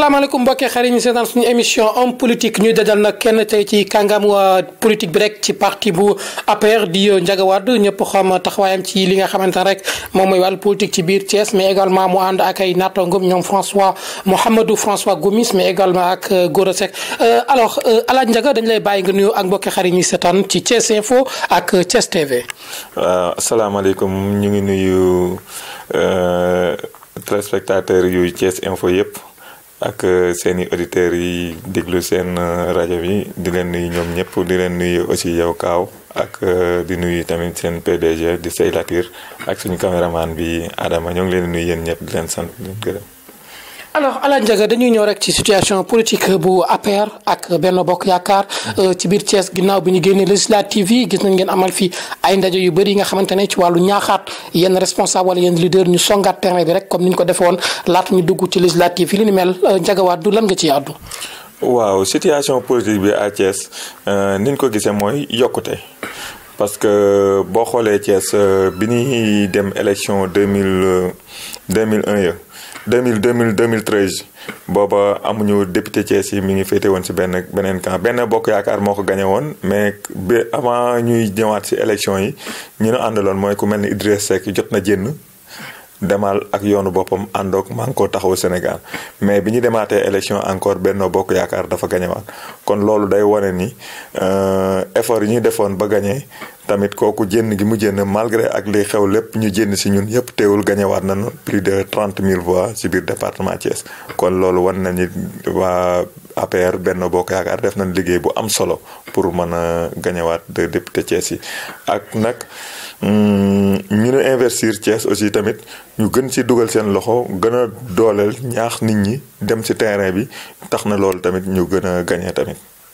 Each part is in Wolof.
alaikum alaikum, xarit ñu émission en politique ñu dédal nak kenn tay ci euh, politique bi rek ci parti bu APR di euh, xam ci li politique ci mais également mu François Mohamedou François Gomis mais également ak euh, Gorosek. alors nous lay nga nuyu ak Info ak TV. Salam alaikum, nous ngi nuyu spectateurs yu Thiès Info YEP. ak euh, seen i auditeurs yi déglu seen euh, rajo bi di leen nuyu ñoom ñëpp di leen nuyu aussi yow Kaaw ak euh, di nuyu tamit seen PDG di Seylatir ak suñu caméraman bi Adama ñoo ngi leen nuyu yéen ñëpp di leen sant di leen gërëm. alors ala Ndiaga dañuy ñëw rek ci situation politique bu APR ak Benno Bokk Yaakaar mm-hmm. euh, ci biir Thiès ginnaaw bi ñu génnee législative yi gis nañ ngeen amal fi ay ndaje yu bëri yi nga xamante ne ci wàllu ñaaxaat yenn responsable wala yenn leader ñu songaat terrain bi rek comme ni ñu ko defee woon laata ñu dugg ci législative yi li ni mel euh, Ndiaga Wade lan nga ci àddu. waaw situation politique bi à Thiès euh, ni ñu ko gisee mooy yokkute. parce que boo xoolee Thiès bi ñuy dem élection 2000 2001 ya 2000 2013 booba amuñu député ci mi ngi fété won ci ben benen camp ben bokk yaakaar moko gagné won mais avant ñuy ñëwaat ci élection yi ñu ne àndaloon mooy ku melni Idriss Seck jot na jénn demal ak yoonu boppam àndoog maa ngi ko taxaw Sénégal mais bi ñu demaatee élection encore Benno Bokk Yaakaar dafa gañewaat kon loolu day wane ni euh, effort yi ñu defoon ba gañee tamit kooku jënn gi mu jënn malgré ak xew lépp ñu jënn si ñun yëpp teewul gañewaat nañu plus de trente mille voix si biir département Thiès kon loolu wan na ni waa APR Benno Bokk Yaakaar def nañ liggéey bu am solo pour mën a gañewaat de député Thiès yi ak nag ñu nu investir Thiès aussi tamit ñu gën ci dugal seen loxo gën a dooleel ñaax nit ñi dem ci terrain bi tax na loolu tamit ñu gën a gañe tamit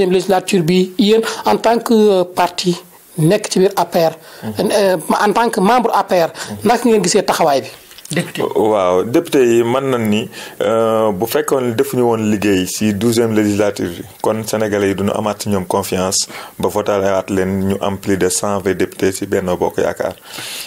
deuxième législature bi yeen en tant que euh, parti nek ci bir APR mmh. euh, euh, en tant que membre APR mmh. nak ngeen gisee taxaway bi député waaw député yi man nan ni euh, bu fekkoon defuñu woon liggéey si 12e législative bi kon sénégalais yi duñu amaat si ñoom confiance ba votalaat leen ñu am plus de 120 députés si Benno Bokk Yaakaar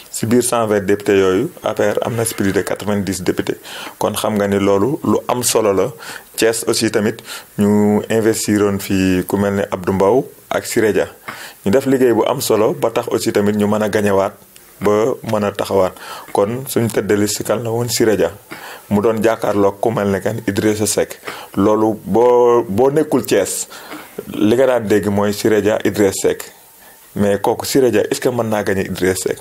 si biir 120 députés yooyu APR am na si plus de 90 députés kon xam nga ni loolu lu am solo la Thiès aussi tamit ñu investiroon fi ku mel ne Abdou Mbow ak Siré ñu def liggéey bu am solo ba tax aussi tamit ñu mën a gañewaat ba mën a taxawaat kon suñ tëddali si kan la woon Siré Dia mu doon jàkkaarloog ku mel ne kan Idrissa Seck loolu boo boo nekkul Thiès li nga daan dégg mooy Siré Dia Idrissa Seck mais kooku Siré Dia est-ce que mën naa gagné Idrissa Seck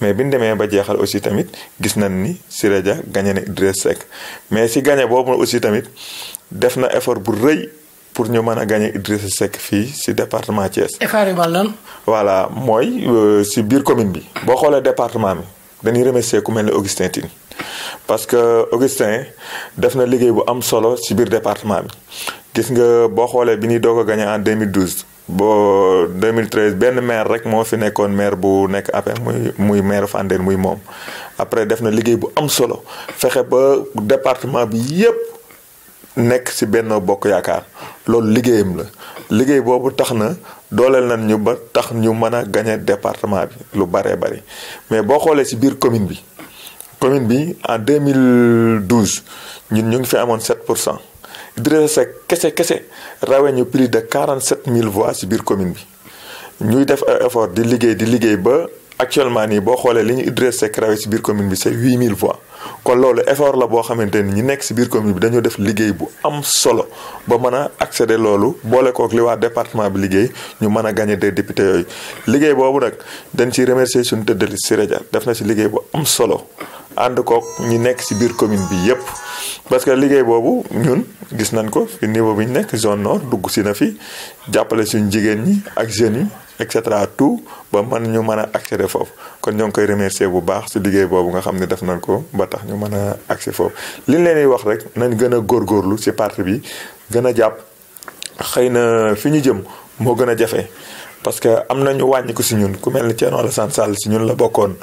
mais bi ñu demee ba jeexal aussi tamit gis nañ ni Siré Dia gagné na Idrissa Seck mais si gagné boobu aussi tamit def na effort bu rëy. pour ñu mën a gagné Idrissa Seck fii si département Thiès. voilà mooy si euh, biir commune bi. boo xoolee département bi dañuy remercier ku mel ne Augustin Tine parce que Augustin def na liggéey bu am solo si biir département bi gis nga boo xoolee bi ñuy doog a gagné en 2012. boo 2013 benn maire rek moo fi nekkoon maire bu nekk après muy muy maire Fandène muy moom après def na liggéey bu am solo fexe ba département bi yépp nekk ci Benno Bokk Yaakaar loolu liggéeyam la liggéey boobu tax na dooleel nañ ñu ba tax ñu mën a gañe département bi lu baree bari mais boo xoolee ci biir commune bi commune bi en 2012 ñun ñu ngi fi amoon 7 pour cent Idrissa Seck kese kese rawee ñu plus de 47 000 voix ci biir commune bi ñuy def effort di liggéey di liggéey ba actuellement nii boo xoolee li ñu Idrissa Seck rawee ci biir commune bi c'est 8000 voix. kon loolu effort la boo xamante ni ñi nekk si biir commune bi dañoo def liggéey bu am solo ba mën a accéder loolu boole kook li waa département bi liggéey ñu mën a gagné des députés yooyu. liggéey boobu nag dañ ciy remercier suñu tëddali Siré Dia def na si liggéey bu am solo ànd kook ñi nekk si biir commune bi yépp parce que liggéey boobu ñun gis nañ ko fi niveau bi ñu nekk zone nord dugg si na fi jàppale suñ jigéen ñi ak jeunes yi. etc tout ba man ñu mëna accéder foofu kon ñong koy remercier bu baax ci liggéey bobu nga xamni def nañ ko ba tax ñu mëna accéder accès li leen di wax rek nañ gëna gor gorlu ci parti bi gëna japp xeyna fi ñu jëm mo gëna jafé parce que amna ñu wàññi ko ci ñun ku mel ni la Alassane Sall ci ñun la bokkon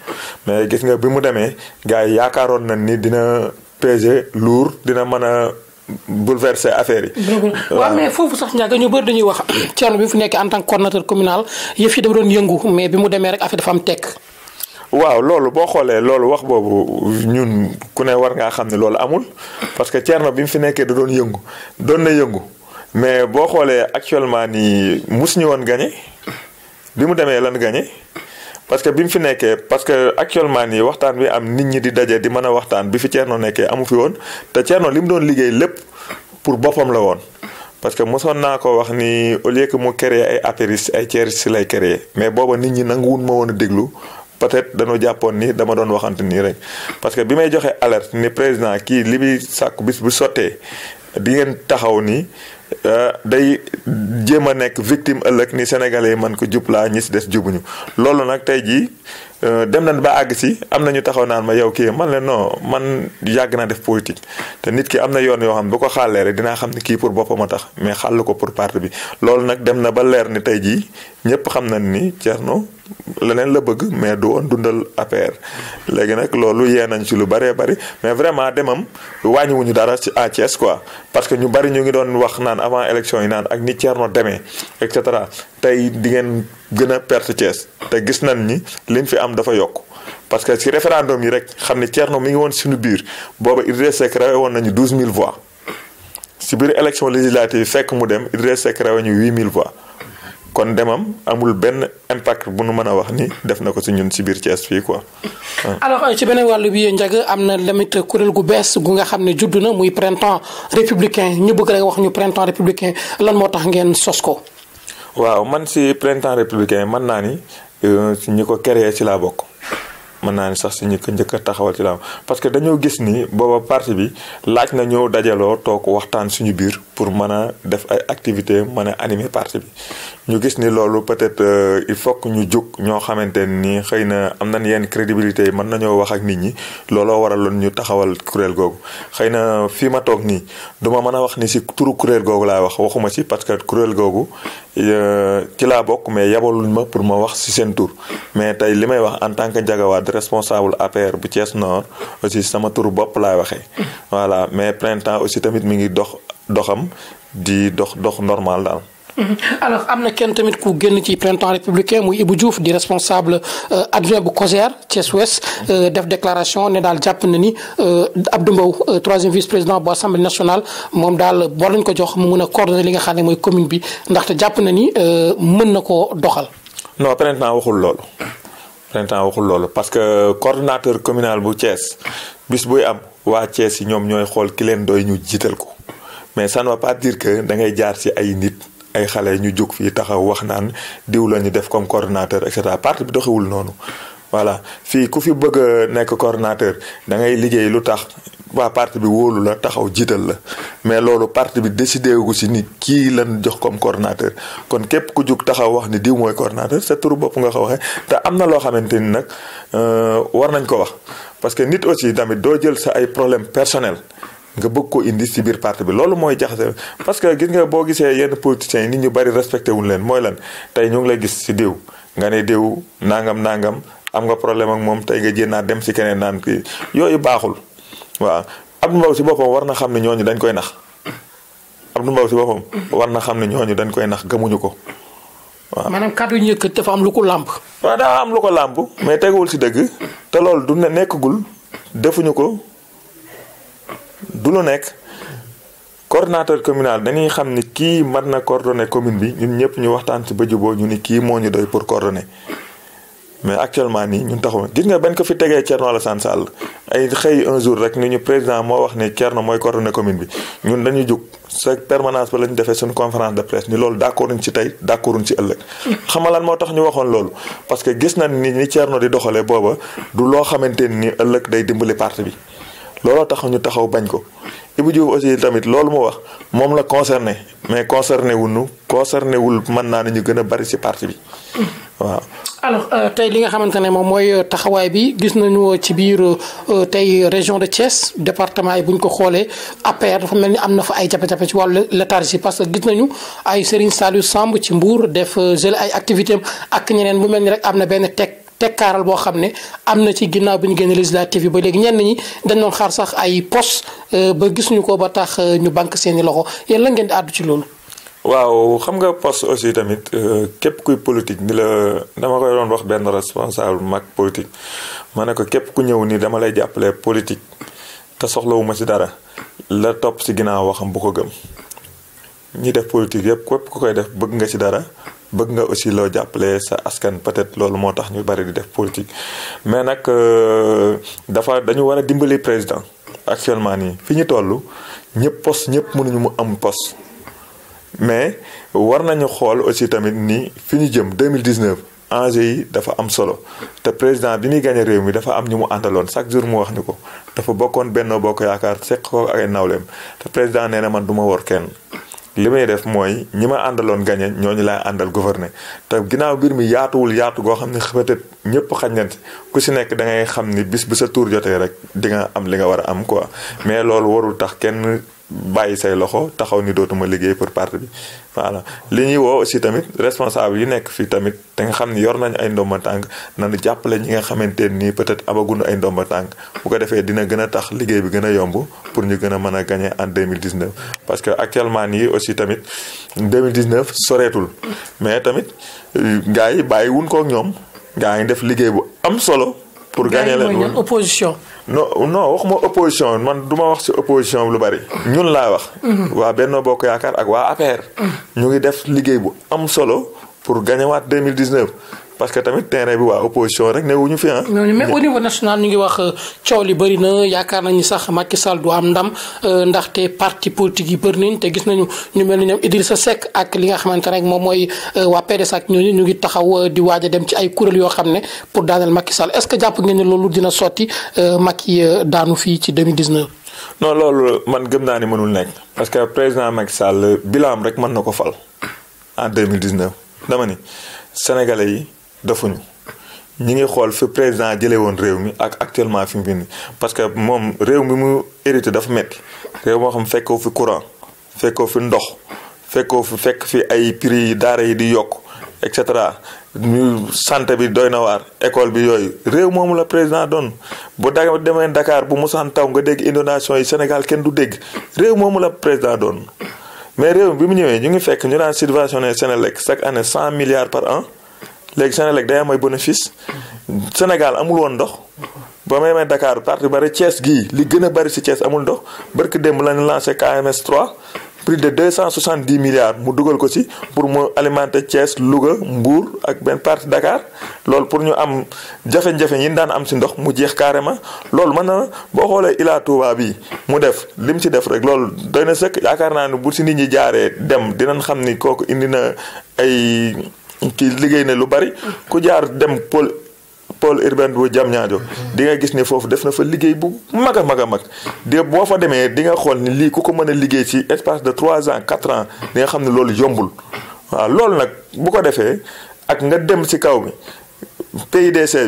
mais gis nga bi mu démé gaay yaakaaroon ni dina peser lourd dina mëna bouleverser affaire yi. waaw mais foofu sax ñàkk ñu bëri dañuy wax Thierno bi mu fi nekk en tant que coordonnateur communal yëf yi dafa doon yëngu mais bi mu demee rek affaire dafa am tek waaw loolu boo xoolee loolu wax boobu ñun ku ne war ngaa xam ne loolu amul parce que Thierno bi mu fi nekkee da doon yëngu doon na yëngu mais boo xoolee actuellement nii mus ñu woon gagné bi mu demee lan gagné. parce que bi mu fi nekkee parce que actuellement nii waxtaan wi am nit ñi di daje di mën a waxtaan bi fi Thierno nekkee amu fi woon te Thierno li mu doon liggéey lépp pour boppam la woon. parce que mosoon naa ko wax ni au que mu créer ay apéris ay Thierry si lay créer mais booba nit ñi nanguwun ma woon a déglu peut-être dañoo jàppoon ni dama doon waxante nii rek. parce que bi may joxee alerte ni président kii li muy sàkku bis bu sottee di ngeen taxaw nii. Euh, day jéem a nekk victime ëllëg ni sénégalais yi man ko jub laa ñi si des jubuñu loolu nag tey jii Euh, dem nañ ba àgg si am na ñu taxaw naan ma yow kii man la noo man yàgg naa def politique te nit ki am na yoon yoo xam ne bu ko xàllee rek dinaa xam ne kii pour boppam a tax mais xàll ko pour parti bi. loolu nag dem na ba leer ni tey jii ñëpp xam nañ ni Thierno leneen la bëgg mais du woon dundal APR léegi nag loolu yee nañ ci lu bëree bari mais vraiment demam wàññiwuñu dara ci à Thiès quoi parce que ñu bari ñu ngi doon wax naan avant élection yi naan ak ni demee et cetera gën a perte Thiès te gis nañ ni liñ fi am dafa yokk parce que si référendum yi rek xam ne Thierno mi ngi woon suñu biir booba Idrissa Seck rawe woon nañu mille voix si biir élection législative fekk mu dem Idrissa Seck rawe ñu mille voix kon demam amul benn impact bu nu mën a wax ni def na ko si ñun si biir cees fii quoi. alors ci beneen wàll bi njag am na limit kuréel gu bees gu nga xam ne judd na muy printemps républicain ñu bëgg rek wax ñu printemps républicain lan moo tax ngeen sos ko. waaw man ci printemps républicain mën naa ni si euh, ñi ko créé ci laa bokk mën naa ni sax si ñi ko njëkk taxawal ci laa parce que dañoo gis ni booba parti bi laaj na ñëw dajaloo toog waxtaan suñu biir pour mën a def ay activité mën a animer parti bi ñu gis ni loolu peut-être euh, il faut que ñu jóg ñoo xamante ni xëy na am na yenn crédibilité yi mën nañoo wax ak nit ñi looloo waraloon ñu taxawal kuréel googu xëy na fii ma toog nii duma mën a wax ni si turu kuréel googu laay wax waxuma ci parce que kuréel googu euh, ci laa bokk mais yabaluñ ma pour ma wax si seen tur mais tey li may wax en tant que di responsable APR bu Thiès Nord aussi sama turu bopp laay waxee mm. voilà mais printemps aussi tamit mu ngi dox doxam di dox dox normal daal alors am na kenn tamit ku génn ci printemps républicain muy Ibou Diouf di responsable euh, adjoint bu COSER Thiès Ouest mhm. euh, def déclaration ne daal jàpp na ni euh, Abdou Mbow troisième vice président bu assemblée nationale moom daal war nañ ko jox mu mun a coordonner li nga xam ne mooy commune bi ndaxte jàpp na ni mën na ko doxal. non printemps waxul loolu. printemps waxul loolu parce que coordinateur communal bu Thiès bis buy am waa Thiès yi ñoom ñooy xool ki leen doy ñu jiital ko mais ça ne va pas dire que da ngay jaar ci ay nit ay xalé ñu juk fi taxaw wax naan diw la def comme coordinateur et cetera parti bi doxewul noonu voilà fi ku fi bëgg a nekk coordonnateur da ngay liggéey lutax wa parti bi wolu la taxaw jiital la mais lolu parti bi décidé wu ci ni ki lañ jox comme coordinateur kon kep ku juk taxaw wax ni diw moy coordinateur c'est turu bop nga waxe ta amna lo xamanteni nak euh war nañ ko wax parce que nit aussi tamit do jël sa ay problème personnel nga bëgg ko indi si biir parti bi loolu mooy jaxase parce que gis nga boo gisee yenn politiciens yi nit ñu bari respecté wuñ leen mooy lan tey ñu ngi lay gis si diw nga ne diw nangam nangam am nga problème ak moom tey nga jéem dem si keneen naan kii yooyu baaxul waaw Abdou Mbow si boppam war na xam ne ñooñu dañ koy nax Abdou Mbow si boppam war na xam ne ñooñu dañ koy nax gëmuñu ko. waaw maanaam kàddu ñëkk dafa am lu ko lamb. waaw dafa am lu ko lamb mais teguwul si dëgg te loolu du nekkagul defuñu ko. du lu nekk coordonnateur communal dañuy xam ni kii mat na coordonné commune bi ñun ñëpp ñu waxtaan ci ba juboo ñu ni kii moo ñu doy pour coordonné mais actuellement nii ñun taxaw gis nga bañ ko fi tegee Thierno Alassane Sall ay xëy un jour rek ni ñu président moo wax ni Thierno mooy coordonné commune bi ñun dañuy jug sa permanence ba la ñu defee suñu conférence de presse ni loolu d'accorduñ ci tey d'accorduñ ci ëllëg xam nga lan moo tax ñu waxoon loolu parce que gis nañ ni ni Thierno di doxalee booba du loo xamante ni ëllëg day dimbali parti bi looloo tax ñu taxaw bañ ko Ibou Diouf aussi tamit loolu mu wax moom la concerné mais concerné wu ñu concerné wul mën naa ne ñu gën a bari ci parti bi waaw. alors euh, tey li nga xamante ne moom mooy euh, taxawaay bi gis nañu euh, ci biir tey région de Thiès département yi bu ñu ko xoolee APR dafa mel ni am na fa ay jafe-jafe ci wàllu léthargie parce que gis nañu ay Serigne Saliou Samb ci mbuur def jël ay activité ak ñeneen mu mel ni rek am na benn teg. tekkaaral boo xam ne am na ci ginnaaw bi ñu génne législative yi ba léegi ñenn ñi dañ doon xaar sax ay pos euh, ba gisuñu ko ba tax euh, ñu bank seeni loxo yéen la ngeen di àddu ci loolu waaw xam nga poste aussi tamit euh, képp kuy politique ni la dama koy doon wax benn responsable mag politique ma ne ko képp ku ñëw ni dama lay jàppale politique te soxlawuma ci dara la topp ci ginnaaw waxam bu ko gëm ñi def politique yépp képp ku koy def bëgg nga ci dara bëgg nga aussi loo jàppale sa askan peut-être loolu moo tax ñu bari di def politique mais nag euh, dafa dañu war a dimbali président actuellement nii fi ñu toll ñëpp poste ñëpp mënuñu mu am poste mais war nañu xool aussi tamit ni fi ñu jëm 2019 enjeu yi dafa am solo te président bi muy gagné réew mi dafa am ñu mu àndaloon chaque jour mu wax ni ko dafa bokkoon Benno Bokk Yaakaar seq ko ak ay nawleem te président nee na man du ma wor kenn li may def mooy ñi ma àndaloon gañe ñooñu laa àndal gouverner te ginnaaw mbir mi yaatuwul yaatu goo xam ne peut-être ñëpp xaj nañ ci ku si nekk da ngay xam ni bis bu sa tuur jotee rek di nga am li nga war a am quoi mais loolu warul tax kenn. bàyyi say loxo taxaw ni dootuma liggéey pour parti bi voilà li ñuy woo aussi tamit responsable yi nekk fii tamit te nga xam ne yor nañu ay ndomba tànk nañu jàppale ñi nga xamante nii peut-être amaguñu ay ndomba tànk bu ko defee dina gën a tax liggéey bi gën a yomb pour ñu gën a mën a gagner en 2019 parce que actuellement nii aussi tamit 2019 soreetul mais tamit euh, gars yi bàyyi wuñ ko ak ñoom gaa ngi def liggéey bu am solo pour gagner leen opposition no non waxuma opposition man du ma wax ci opposition lu bari. ñun laa wax. waa Benno Bokk Yaakaar ak waa APR. ñu ngi def liggéey bu am solo pour gañewaat 2019. parce que tamit terrain bi waa opposition rek newuñu fi ah. ñooñu même au niveau national ñu ngi wax euh, coow li bëri na yaakaar nañu sax Macky Sall du am ndam euh, ndaxte parti politique yi bëri nañ te gis nañu ñu mel ni ñoom sa Seck ak li nga xamante rek moom mooy euh, waa PDS ak ñooñu ñu ngi taxaw di waaj a dem ci ay kuréel yoo xam ne pour daaneel Macky Sall est-ce que jàpp ngeen ne loolu dina sotti Macky daanu fii ci 2019. non loolu man gëm naa ne mënul nekk parce que président Macky Sall bilaam rek mën na ko fal en 2019 dama ni sénégalais yi. defuñu ñu ngi xool fi président jëlee woon réew mi ak actuellement fi mu bind parce que moom réew mi mu hérité dafa metti réew moo xam fekkoo fi courant fekkoo fi ndox fekkoo fi fekk fi ay prix yi daara yi di yokk et cetera ñu santé bi doy na waar école yooyu réew moomu la président doon bu da demee Dakar bu musaan taw nga dégg inondation yi Sénégal kenn du dégg réew moomu la président doon mais réew bi mu ñëwee ñu ngi fekk ñu daan subventionné Sénélec chaque année cent milliards par an léegi Senelec day am ay bénéfice Sénégal amul woon ndox ba may may Dakar parti bari Thiès gii li gën a bari si Thiès amul ndox barki démb lañu lancé KMS 3 prix de 270 milliards mu dugal ko si pour mu alimenter Thiès Louga Mbour ak benn parti Dakar loolu pour ñu am jafe-jafe yi daan am si ndox mu jeex carrément loolu mën na boo xoolee Ila Touba bii mu def li mu si def rek loolu doy na sëkk yaakaar naa ne bu si nit ñi jaaree dem dinañ xam ni kooku indi na ay. kii liggéey ne lu bari ku jaar dem pôle pôle urbain bu Diamniadio di nga gis ne foofu def na fa liggéey bu mag a mag a mag de boo fa demee di nga xool ni lii ku ko mën a liggéey si espace de trois ans quatre ans di nga xam ne loolu yombul waaw loolu nag bu ko defee ak nga dem si kaw bi PIDC bi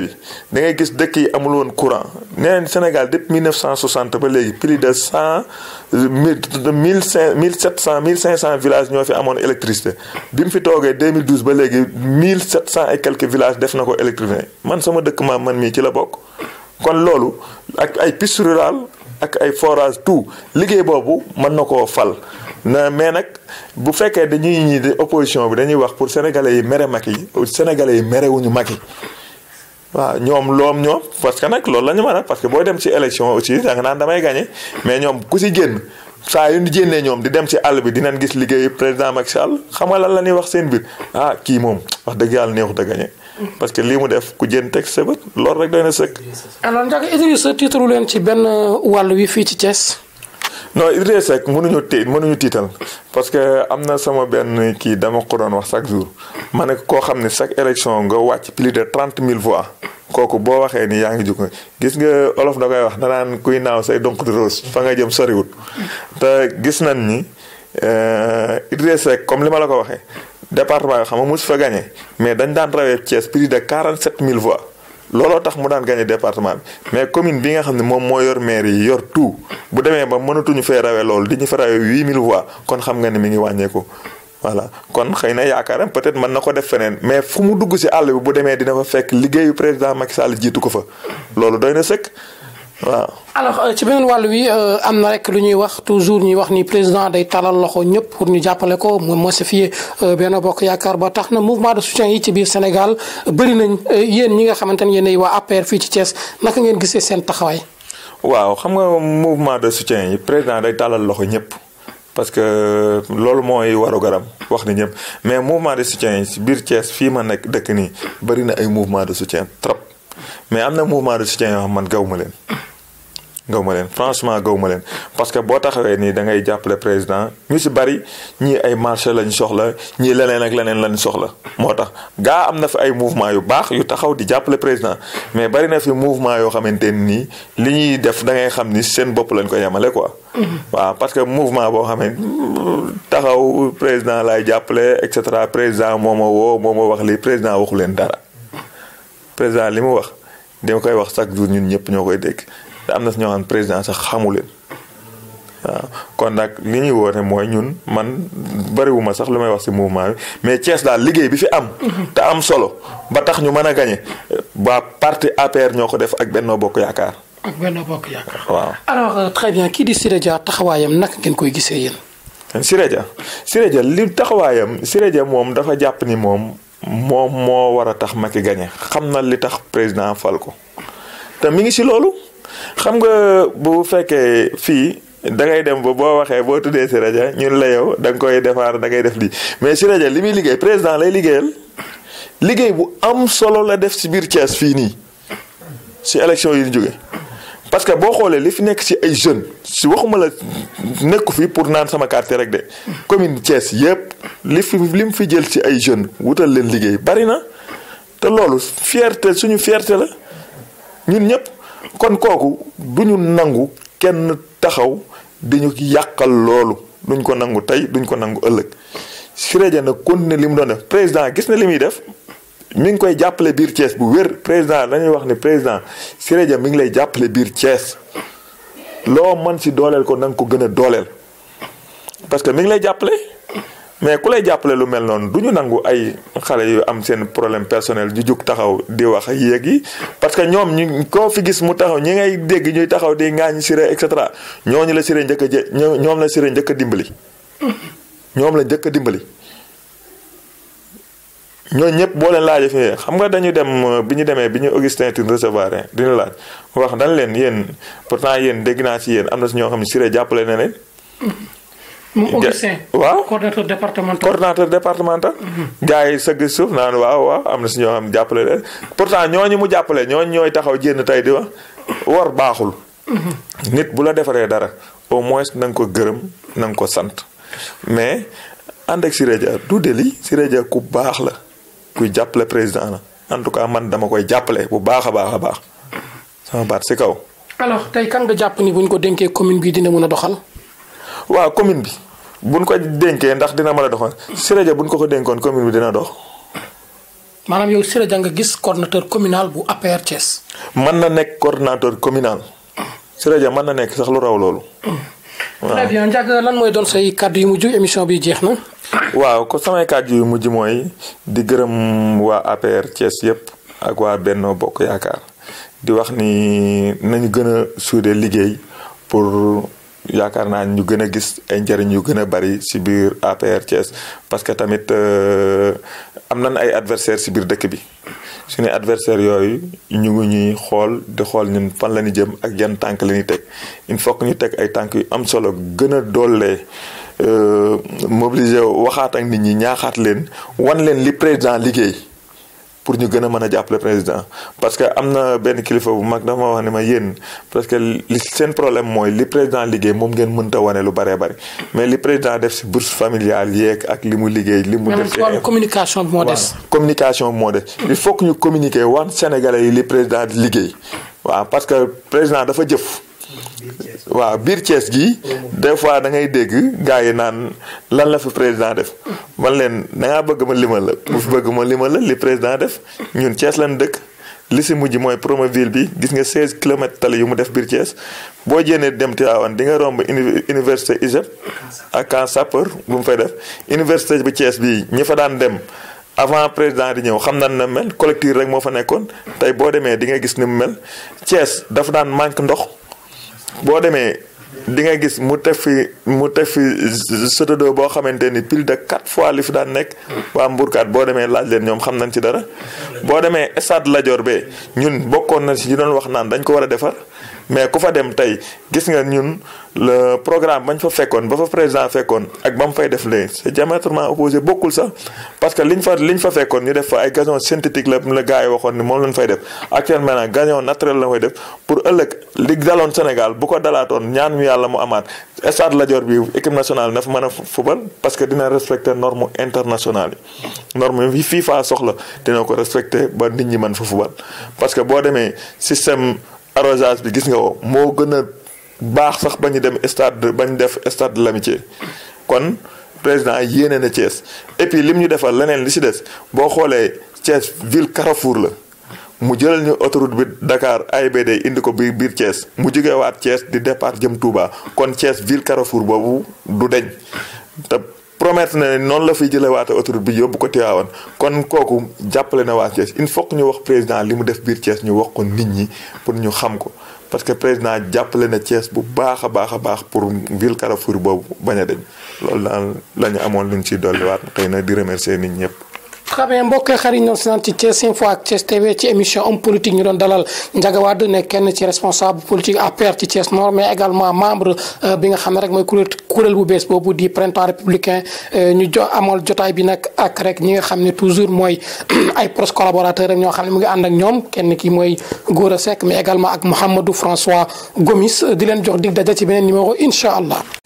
da ngay gis dëkk yi amul woon courant nee Sénégal cent 1960 ba léegi plus de cent mille cinq mille sept cent mille cinq cent villages ñoo fi amoon électricité bi mu fi toogee 2012 ba léegi mille sept cent et quelques villages def na ko électrifié man sama dëkk maam man mii ci la bokk. kon loolu ak ay piste rural ak ay forage tout liggéey boobu mën na koo fal. na mais nag bu fekkee dañuy ñii di opposition bi dañuy wax pour sénégalais yi mere mag yi sénégalais yi merewuñu Macky waaw ñoom loom ñoom parce que nag loolu la ñu mën a parce que booy dem ci élection aussi da nga naan damay gagné mais ñoom ku si génn saa yu ñu génnee ñoom di dem ci àll bi dinañ gis liggéey président Macky Sall xam nga lan la ñuy wax seen biir ah kii moom wax dëgg yàlla neexut a gagné. parce que lii mu def ku jën teg sa bët loolu rek doy na sëkk. alors Ndiaga Idrissa tiitaru ci benn wàll wi fii ci Thiès. non Idrissa Seck mënuñu té mënuñu tiital parce que am na sama benn kii dama ko doon wax chaque jour ma ne koo xam ne chaque élection nga wàcc plus de trente mille voix kooku boo waxee ni yaa ngi jug gis nga olof da koy wax danaan kuy naaw say donc de rose fa nga jëm soriwut te gis nañ ni euh, Idrissa Seck comme li ma la ko waxee département yoo xam a mosu fa gagné mais dañ daan rawee Thiès plus de quarante sept mille voix. looloo tax mu daan gagné département bi mais commune bi nga xam ne moom moo yor maire yi yor tout bu demee ba mënatuñu fee rawee loolu di ñu fa rawee 8000 voix kon xam nga ne mi ngi wàññeeku. voilà kon xëy na yaakaaram peut-être mën na ko def feneen mais fu mu dugg ci àll bi bu demee dina fa fekk liggéeyu président Macky Sall jiitu ko fa loolu doy na sëkk. waaw alors euh, ci beneen walu wi euh, amna rek lu ñuy wax toujours ñuy wax ni président day talal loxo ñëpp pour ñu jappalé ko mu massifier euh, Benno Bokk yaakar ba tax na mouvement de soutien yi ci biir Sénégal bari nañ yeen ñi nga xamante yeen ay wa APR fi ci Thiès naka ngeen gisee sen taxaway waaw xam nga mouvement de soutien yi président day talal loxo ñëpp. parce que loolu moy waro garam wax ni ñëpp mais mouvement de soutien yi ci biir Thiès fi ma nek dekk ni bari na ay mouvement de soutien trop. mais am na mouvement de soutien yoo man gaw ma leen gaw ma leen franchement gaw ma leen parce que boo taxawee nii da ngay jàppale président ñu si bari ñii ay marché lañ soxla ñii leneen ak leneen lañu soxla moo tax gaa am na fi ay mouvement yu baax yu taxaw di jàppale président mais bari na fi mouvement yoo xamante nii li ñuy def da ngay xam ni seen bopp lañ ko yemale ko mm-hmm. waaw parce que mouvement boo xam ne taxaw président laay jàppale et cetera président moom ma woo moo wax lii waxu leen dara président li mu wax dama koy wax chaque jour ñun ñëpp ñoo koy dégg te am na si ñoo xam président sax xamu leen waaw kon nag li ñuy woone mooy ñun man bariwuma sax lu may wax si mouvement mais Thiès daal liggéey bi fi am. Mhm. te am solo ba tax ñu mën a gañe ba parti APR ñoo ko def ak Benno Bokk Yaakaar. ak Benno Bokk Yaakaar. waaw alors euh, très bien kii di Siré Dia taxawaayam naka ngeen koy gisee yéen. Siré Dia li taxawaayam Siré Dia moom dafa jàpp ni moom. moom moo war a tax Macky gagné xam na li tax président fal ko te mi ngi si loolu xam nga bu fekkee fii da ngay dem ba boo waxee boo tuddee si Dia ñun la yow da nga koy defaar da ngay def lii mais si Dia li muy liggéey président lay liggéeyal liggéey bu am solo la def si biir Thiès fii nii si élection yi ñu jóge parce que boo xoolee li fi nekk ci ay jeunes si waxuma la nekku fi pour naan sama quartier rek de commune Thiès yëpp li fi li mu fi jël ci ay jeunes wutal leen liggéey bari na te loolu fierte suñu fierté la ñun ñëpp kon kooku du ñu nangu kenn taxaw di ñu yàqal loolu duñ ko nangu tey duñ ko nangu ëllëg Siré Dia nag continuer li mu doon def président gis na li muy def mi ngi koy jàppale biir Thiès bu wér président dañuy wax ne président sirédia mi ngi lay jàppale biir Thiès loo mën si dooleel ko na ko gën a dooleel parce que mi ngi lay jàppale mais ku lay jàppale lu mel noonu du ñu nangu ay xale yu am seen problème personnel ju jug taxaw di wax yéeg yi parce que ñoom ñu koo fi gis mu taxaw ñi ngay dégg ñuy taxaw di ngaañ Siré et cetera ñooñu la Siré njëkk a jë ñoom la Siré njëkk a dimbali ñoom la njëkk a dimbali ñooñu ñëpp boo leen laajee fii xam nga dañu dem euh, bi ñu demee bi ñu Augustin Tine recevoir dañu laaj wax dañ leen yéen pourtant yéen dégg naa yéen am na si ñoo xam ne Siré jàppale na leen. waaw coordonnateur départemental coordonnateur départemental. Mm-hmm. gars yi sëgg suuf naan waaw waaw am na si ñoo xam jàppale leen pourtant ñooñu mu jàppale ñooñu ñooy taxaw jénn tey di wax war baaxul. Mm-hmm. nit bu la defaree dara au moins na ko gërëm na ko sant mais ànd si Siré Dia du si Siré Dia ku baax la. kuy jàppale président la en tout cas man dama koy jàppale bu baax a baax a baax sama baat si kaw. alors tey kan nga jàpp ni bu ñu ko dénkee commune bi dina mun a doxal. waaw commune bi buñ ko dénkee ndax dina mën a doxal Siré Dia buñ ko ko dénkoon commune bi dina dox. maanaam yow Siré nga gis coordonnateur communal bu APR Thiès. mën na nekk coordonnateur communal. Siré mën na nekk sax lu raw loolu. très bien Ndiaga lan mooy doon say kàddu yu mujj émission bi jeex na. waaw ko samay kàddu yu mujj mooy di gërëm waa APR Thiès yëpp ak waa Benno Bokk Yaakaar di wax ni nañu gën a suude liggéey pour. yaakaar naa ñu gën a gis ay njëriñ yu gën a bari ci biir APR parce que tamit euh, am nañ ay adversaires ci biir dëkk bi suñu adversaires yooyu ñu ngi ñuy xool di xool ñu fan la ñu jëm ak yan tànk lañuy teg il faut que ñu teg ay tànk yu am solo gën a doolee euh, mobiliser waxaat ak nit ñi ñaaxaat leen wan leen li président liggéey. pour ñu gën a mën a jàppale président parce que am na benn kilifa bu mag dafa wax ne ma yéen parce que seen problème mooy li président liggéey moom ngeen mënta wane lu bëree bëri mais li président def si bourse familiale yeeg ak li mu liggéey. li mu def ci communication bi moo des. communication bi moo des. il faut que ñu communiquer wan Sénégalais yi li président liggéey waaw parce que président dafa jëf. waaw biir Thiès gii des fois da ngay dégg gars yi naan lan la fi président def man leen da ngaa bëgg ma lima la bu fi bëgg ma lima la li président def ñun Thiès lan dëkk li si mujj mooy Promoville bi gis nga 16 kilomètres tali yu mu def biir Thiès boo jénnee dem Tivaouane di nga romb université ISEP ak Camp Sapeur bu mu fay def université bi Thiès bii ñi fa daan dem avant président di ñëw xam nan na mel collecture rek moo fa nekkoon tey boo demee di nga gis ni mu mel Thiès dafa daan manque ndox boo demee di nga gis mu tef fi mu teg fi sotodoo boo xamante ni plus de quatre fois li fi daan nekk. waa Mbourkat boo demee laaj leen ñoom xam nañ ci dara. boo demee stade Lat Dior be ñun bokkoon na ci ñu doon wax naan dañ ko war a defar. mais ku fa dem tey gis nga ñun le programme bañ fa fekkoon ba fa président fekkoon ak ba mu fay def léegi c'est diamétralement opposé bokkul sax parce que liñ fa liñ fa fekkoon ñu def fa ay gazon synthétique la la gars waxoon ni moom lañ fay def actuellement nag gazon naturel la koy def pour ëllëg li daloon Sénégal bu ko dalaatoon ñaan ñu yàlla mu amaat stade Lat Dior bi équipe nationale na fa mën a fubal parce que dina respecter norme internationale yi norme yi FIFA soxla ko respecter ba nit ñi mën fa fubal arrosage bi gis nga ko moo gën a baax sax ba ñu dem stade ba ñu def stade de l'amitié kon président yéene na Thiès et puis lim ñu defal leneen li ci des boo xoolee Thiès ville carrefour la mu jëlal ñu autoroute bi ay AIBD indi ko biir biir Thiès mu jógewaat Thiès di départ jëm Touba kon Thiès ville carafour boobu du deñ te promettre na ne noonu la fiy jëlewaate autoroute bi yóbbu ko Tivaouane kon kooku jàppale na waa Thiès il faut ñu wax président li mu def biir Thiès ñu wax ko nit ñi pour ñu xam ko parce que président jàppale na Thiès bu baax a baax a baax pour ville Carrefour boobu bañ a deñ loolu daal la ñu amoon lu ñu ciy dolliwaat xëy na di remercier nit ñëpp. très bien mbokk xarit ñoom si naan ci Thiès Info TV ci émission homme politique ñu doon dalal Ndiaga Wade nekk kenn ci responsable politique APR ci Thiès Nord mais également membre euh, bi nga xam ne rek mooy kuréel kuréel bu bees boobu di printemps républicain euh, ñu jo amal jotaay bi nag ak rek ñi nga xam ne toujours mooy ay proches collaborateurs rek ñoo xam ne mu ngi ànd ak ñoom kenn ki mooy Gora Seck mais également ak Mouhamadou François Gomis di leen jox dig daja ci beneen numéro incha allah.